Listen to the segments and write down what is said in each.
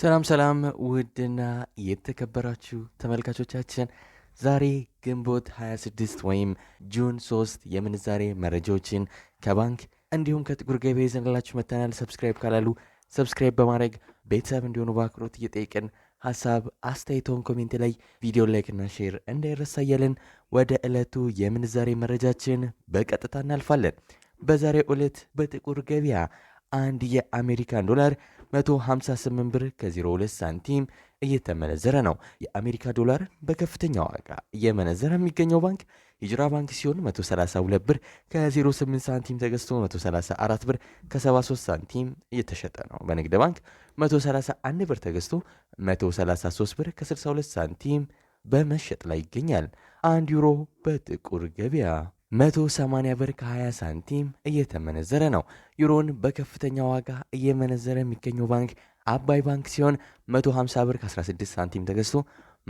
ሰላም ሰላም ውድና የተከበራችሁ ተመልካቾቻችን ዛሬ ግንቦት 26 ወይም ጁን 3 የምንዛሬ መረጃዎችን ከባንክ እንዲሁም ከጥቁር ገበያ ይዘንላችሁ መተናል። ሰብስክራይብ ካላሉ ሰብስክራይብ በማድረግ ቤተሰብ እንዲሆኑ በአክብሮት እየጠየቅን ሀሳብ አስተያየቶን ኮሜንት ላይ ቪዲዮ ላይክና ሼር እንዳይረሳ እያልን ወደ ዕለቱ የምንዛሬ መረጃችን በቀጥታ እናልፋለን። በዛሬው ዕለት በጥቁር ገበያ አንድ የአሜሪካን ዶላር 158 ብር ከ02 ሳንቲም እየተመነዘረ ነው። የአሜሪካ ዶላር በከፍተኛ ዋጋ እየመነዘረ የሚገኘው ባንክ ሂጅራ ባንክ ሲሆን 132 ብር ከ08 ሳንቲም ተገዝቶ 134 ብር ከ73 ሳንቲም እየተሸጠ ነው። በንግድ ባንክ 131 ብር ተገዝቶ 133 ብር ከ62 ሳንቲም በመሸጥ ላይ ይገኛል። አንድ ዩሮ በጥቁር ገበያ 180 ብር ከ20 ሳንቲም እየተመነዘረ ነው። ዩሮን በከፍተኛ ዋጋ እየመነዘረ የሚገኘው ባንክ አባይ ባንክ ሲሆን 150 ብር ከ16 ሳንቲም ተገዝቶ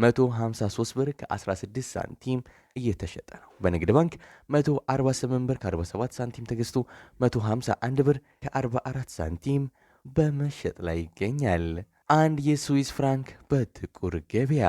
153 ብር ከ16 ሳንቲም እየተሸጠ ነው። በንግድ ባንክ 148 ብር ከ47 ሳንቲም ተገዝቶ 151 ብር ከ44 ሳንቲም በመሸጥ ላይ ይገኛል። አንድ የስዊስ ፍራንክ በጥቁር ገበያ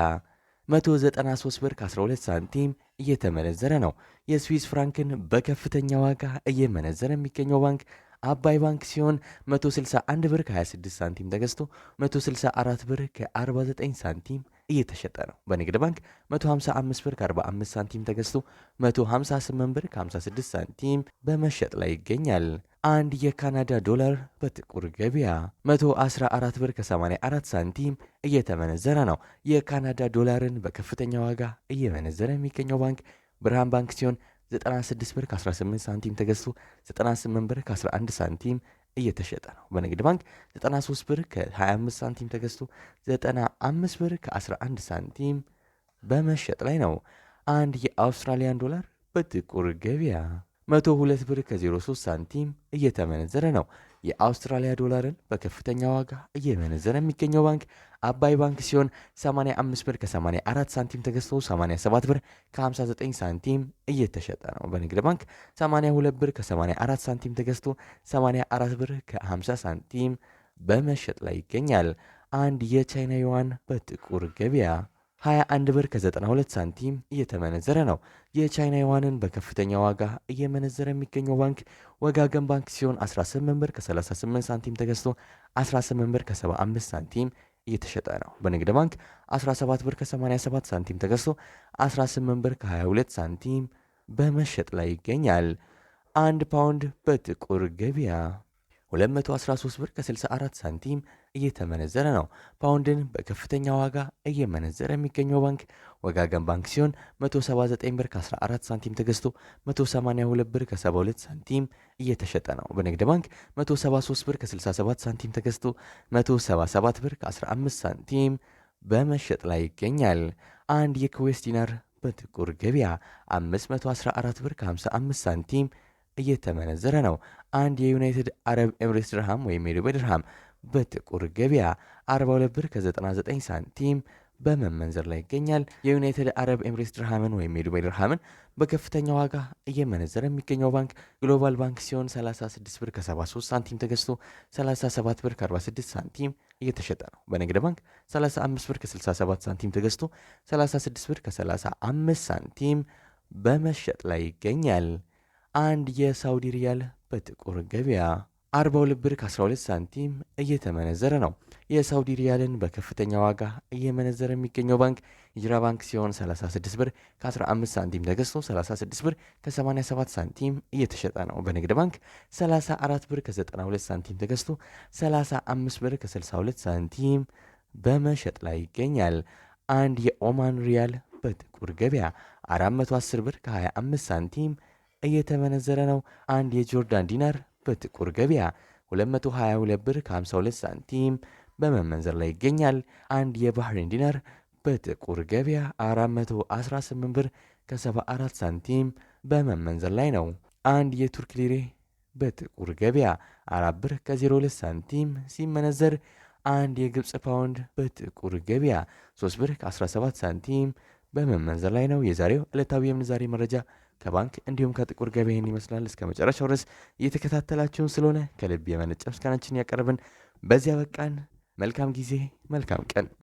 193 ብር ከ12 ሳንቲም እየተመነዘረ ነው። የስዊስ ፍራንክን በከፍተኛ ዋጋ እየመነዘረ የሚገኘው ባንክ አባይ ባንክ ሲሆን 161 ብር ከ26 ሳንቲም ተገዝቶ 164 ብር ከ49 ሳንቲም እየተሸጠ ነው። በንግድ ባንክ 155 ብር ከ45 ሳንቲም ተገዝቶ 158 ብር ከ56 ሳንቲም በመሸጥ ላይ ይገኛል። አንድ የካናዳ ዶላር በጥቁር ገበያ 114 ብር ከ84 ሳንቲም እየተመነዘረ ነው። የካናዳ ዶላርን በከፍተኛ ዋጋ እየመነዘረ የሚገኘው ባንክ ብርሃን ባንክ ሲሆን 96 ብር ከ18 ሳንቲም ተገዝቶ 98 ብር ከ11 ሳንቲም እየተሸጠ ነው። በንግድ ባንክ 93 ብር ከ25 ሳንቲም ተገዝቶ 95 ብር ከ11 ሳንቲም በመሸጥ ላይ ነው። አንድ የአውስትራሊያን ዶላር በጥቁር ገበያ 102 ብር ከ03 ሳንቲም እየተመነዘረ ነው። የአውስትራሊያ ዶላርን በከፍተኛ ዋጋ እየመነዘረ የሚገኘው ባንክ አባይ ባንክ ሲሆን 85 ብር ከ84 ሳንቲም ተገዝቶ 87 ብር ከ59 ሳንቲም እየተሸጠ ነው። በንግድ ባንክ 82 ብር ከ84 ሳንቲም ተገዝቶ 84 ብር ከ50 ሳንቲም በመሸጥ ላይ ይገኛል። አንድ የቻይና ዩዋን በጥቁር ገበያ 21 ብር ከ92 ሳንቲም እየተመነዘረ ነው። የቻይና ዩዋንን በከፍተኛ ዋጋ እየመነዘረ የሚገኘው ባንክ ወጋገን ባንክ ሲሆን 18 ብር ከ38 ሳንቲም ተገዝቶ 18 ብር ከ75 ሳንቲም እየተሸጠ ነው። በንግድ ባንክ 17 ብር ከ87 ሳንቲም ተገዝቶ 18 ብር ከ22 ሳንቲም በመሸጥ ላይ ይገኛል። አንድ ፓውንድ በጥቁር ገበያ 213 ብር ከ64 ሳንቲም እየተመነዘረ ነው። ፓውንድን በከፍተኛ ዋጋ እየመነዘረ የሚገኘው ባንክ ወጋገን ባንክ ሲሆን 179 ብር ከ14 ሳንቲም ተገዝቶ 182 ብር ከ72 ሳንቲም እየተሸጠ ነው። በንግድ ባንክ 173 ብር ከ67 ሳንቲም ተገዝቶ 177 ብር ከ15 ሳንቲም በመሸጥ ላይ ይገኛል። አንድ የኩዌስ ዲናር በጥቁር ገበያ 514 ብር ከ55 ሳንቲም እየተመነዘረ ነው። አንድ የዩናይትድ አረብ ኤምሬትስ ድርሃም ወይም የዱባይ ድርሃም በጥቁር ገበያ 42 ብር ከ99 ሳንቲም በመመንዘር ላይ ይገኛል። የዩናይትድ አረብ ኤምሬትስ ድርሃምን ወይም የዱባይ ድርሃምን በከፍተኛ ዋጋ እየመነዘረ የሚገኘው ባንክ ግሎባል ባንክ ሲሆን 36 ብር ከ73 ሳንቲም ተገዝቶ 37 ብር ከ46 ሳንቲም እየተሸጠ ነው። በንግድ ባንክ 35 ብር ከ67 ሳንቲም ተገዝቶ 36 ብር ከ35 ሳንቲም በመሸጥ ላይ ይገኛል። አንድ የሳውዲ ሪያል በጥቁር ገበያ 42 ብር ከ12 ሳንቲም እየተመነዘረ ነው። የሳውዲ ሪያልን በከፍተኛ ዋጋ እየመነዘረ የሚገኘው ባንክ ሂጅራ ባንክ ሲሆን 36 ብር ከ15 ሳንቲም ተገዝቶ 36 ብር ከ87 ሳንቲም እየተሸጠ ነው። በንግድ ባንክ 34 ብር ከ92 ሳንቲም ተገዝቶ 35 ብር ከ62 ሳንቲም በመሸጥ ላይ ይገኛል። አንድ የኦማን ሪያል በጥቁር ገበያ 410 ብር ከ25 ሳንቲም እየተመነዘረ ነው። አንድ የጆርዳን ዲናር በጥቁር ገበያ 222 ብር ከ52 ሳንቲም በመመንዘር ላይ ይገኛል። አንድ የባህሬን ዲናር በጥቁር ገበያ 418 ብር ከ74 ሳንቲም በመመንዘር ላይ ነው። አንድ የቱርክ ሊሬ በጥቁር ገበያ 4 ብር ከ02 ሳንቲም ሲመነዘር አንድ የግብፅ ፓውንድ በጥቁር ገበያ 3 ብር ከ17 ሳንቲም በመመንዘር ላይ ነው። የዛሬው ዕለታዊ የምንዛሬ መረጃ ከባንክ እንዲሁም ከጥቁር ገበያ ይመስላል። እስከ መጨረሻው ድረስ እየተከታተላችሁን ስለሆነ ከልብ የመነጨ ምስጋናችን ያቀርብን። በዚያ በቃን። መልካም ጊዜ፣ መልካም ቀን